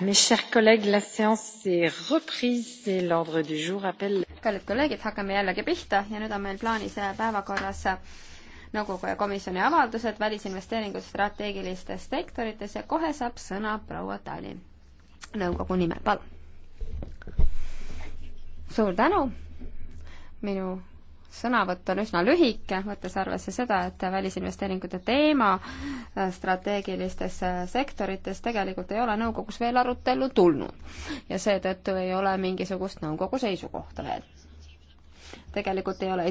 Mes chers collègues, la séance est reprise et l'ordre du jour appelle... kallid kolleegid, hakkame jällegi pihta ja nüüd on meil plaanis äh, päevakorras äh, nõukogu ja komisjoni avaldused välisinvesteeringud strateegilistes sektorites ja kohe saab sõna proua Tali nõukogu nimel, palun. suur tänu, minu sõnavõtt on üsna lühike, võttes arvesse seda, et välisinvesteeringute teema äh, strateegilistes äh, sektorites tegelikult ei ole nõukogus veel arutellu tulnud. ja seetõttu ei ole mingisugust nõukogu seisukohta veel. tegelikult ei ole